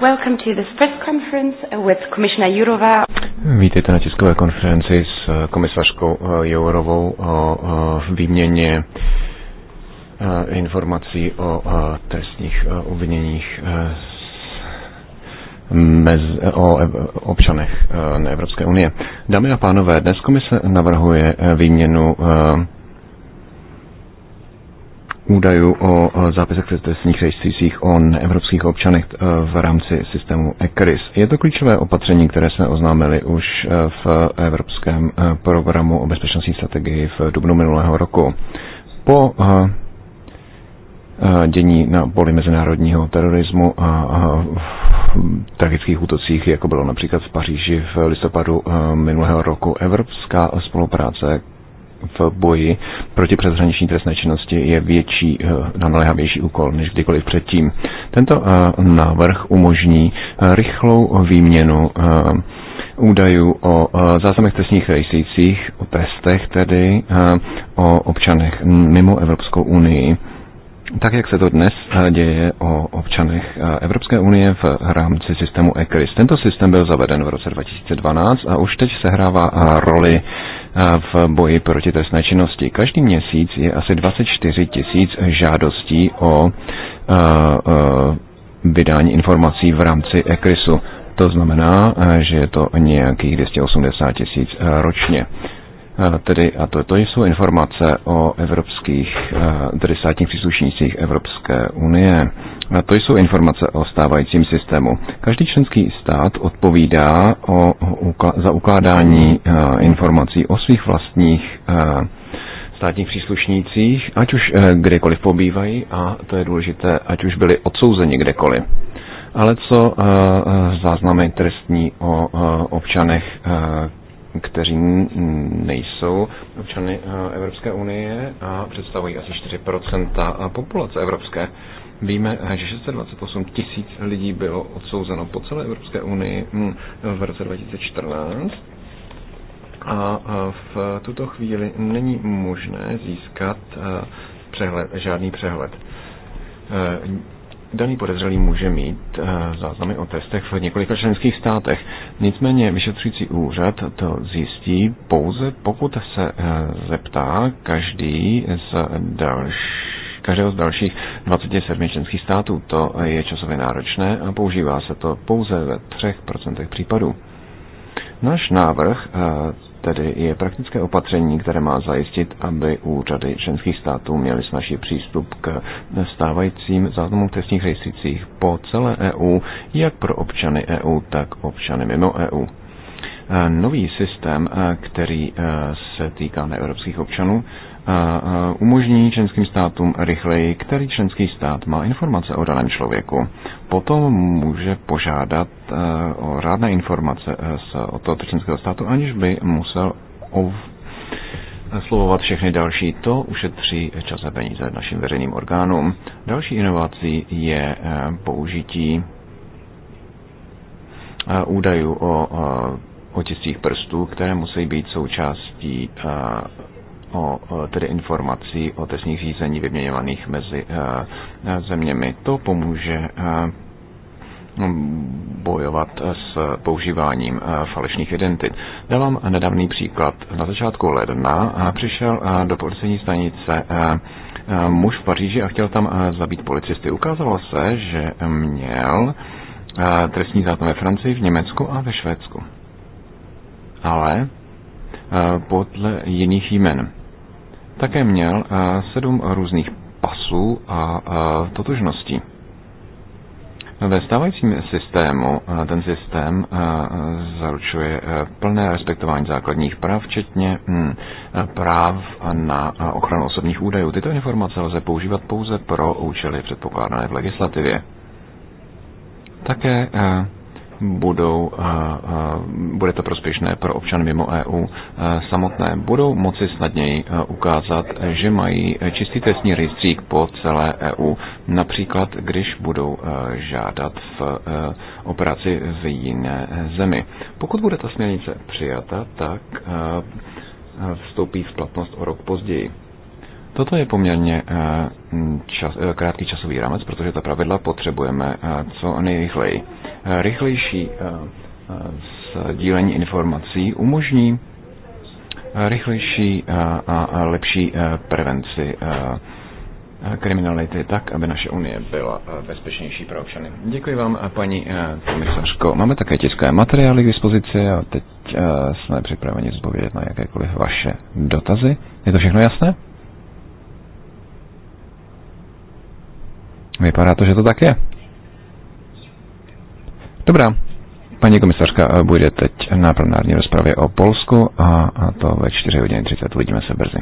Welcome to this press conference with Commissioner Jurova. Vítejte na tiskové konferenci s eh, komisařkou eh, Jourovou o výměně eh, informací o trestních obviněních mez, o e, občanech Evropské unie. Dámy a pánové, dnes komise navrhuje výměnu údajů o zápisech trestních rejstřících o evropských občanech e, v rámci systému ECRIS. Je to klíčové opatření, které jsme oznámili už e, v Evropském e, programu o bezpečnostní strategii v dubnu minulého roku. Po dění na poli mezinárodního terorismu a tragických útocích, jako bylo například v Paříži v listopadu minulého roku, evropská spolupráce v boji proti přeshraniční trestné činnosti je větší a eh, naléhavější úkol než kdykoliv předtím. Tento eh, návrh umožní eh, rychlou výměnu údajů o zásamech trestních rejsících, o trestech tedy, o občanech mimo Evropskou unii tak jak se to dnes eh, děje o občanech eh, Evropské unie v rámci systému ECRIS. Tento systém byl zaveden v roce 2012 a už teď sehrává eh, roli v boji proti trestné činnosti. Každý měsíc je asi 24 tisíc žádostí o vydání informací v rámci ECRISu. To znamená, že je to nějakých 280 tisíc ročně tedy, a to, to jsou informace o evropských, eh, tedy státních příslušnících Evropské unie. A to jsou informace o stávajícím systému. Každý členský stát odpovídá o, za ukládání eh, informací o svých vlastních eh, státních příslušnících, ať už kdekoliv pobývají, a to je důležité, ať už byli odsouzeni kdekoliv. Ale co záznamy trestní o občanech, kteří nejsou občany eh, Evropské unie a představují asi 4% eh, populace evropské. Víme, eh, že 628 tisíc lidí bylo odsouzeno po celé Evropské unii hm, v roce 2014 a v tuto chvíli není možné získat přehled, žádný přehled daný podezřelý může mít eh, záznamy o testech v několika členských státech. Nicméně vyšetřující úřad to zjistí pouze, pokud se eh, zeptá každý z dalších každého z dalších 27 členských států. To je časově náročné a používá se to pouze ve 3% případů. Náš návrh eh, tedy je praktické opatření, které má zajistit, aby úřady členských států měly snažší přístup k stávajícím záznamům v trestních rejstřících po celé EU, jak pro občany EU, tak občany mimo EU. Nový systém, který se týká neevropských občanů, umožní členským státům rychleji, který členský stát má informace o daném člověku. Potom může požádat e, o rádné informace e, z, od tohoto členského státu, aniž by musel ov slovovat všechny další, to ušetří čas a peníze našim veřejným orgánům. Další inovací je e, použití údajů o otiscích prstů, které musí být součástí o tedy informací o trestních řízení vyměňovaných mezi e, e, zeměmi. To pomůže e, bojovat s používáním falešných identit. Dávám nedávný příklad. Na začátku ledna přišel do policejní stanice muž v Paříži a chtěl tam zabít policisty. Ukázalo se, že měl trestní zákon ve Francii, v Německu a ve Švédsku. Ale podle jiných jmen také měl eh, sedm různých pasů a eh, totožností. Ve stávajícím systému eh, ten systém zaručuje plné respektování základních práv, včetně hm, práv na ochranu osobních údajů. Tyto informace lze používat pouze pro účely předpokládané v legislativě. Také budou, eh, eh, bude to prospěšné pro občany mimo EU eh, samotné, budou moci snadněji ukázat, že mají čistý trestní rejstřík po celé EU. Například, když budou žádat v operaci v jiné zemi. Pokud bude ta směrnice přijata, tak vstoupí v platnost o rok později. Toto je poměrně čas, krátký časový rámec, protože ta pravidla potřebujeme co nejrychleji. Eh, rychlejší eh, eh, sdílení informací umožní rychlejší a lepší prevenci kriminality tak, aby naše unie byla bezpečnější pro občany. Děkuji vám, paní komisařko. Máme také tiskové materiály k dispozici a teď jsme připraveni zpovědět na jakékoliv vaše dotazy. Je to všechno jasné? Vypadá to, že to tak je. Dobrá. Paní komisařka eh, bude teď na plenární rozpravě o Polsku a, to ve 4 hodiny 30. Uvidíme se brzy.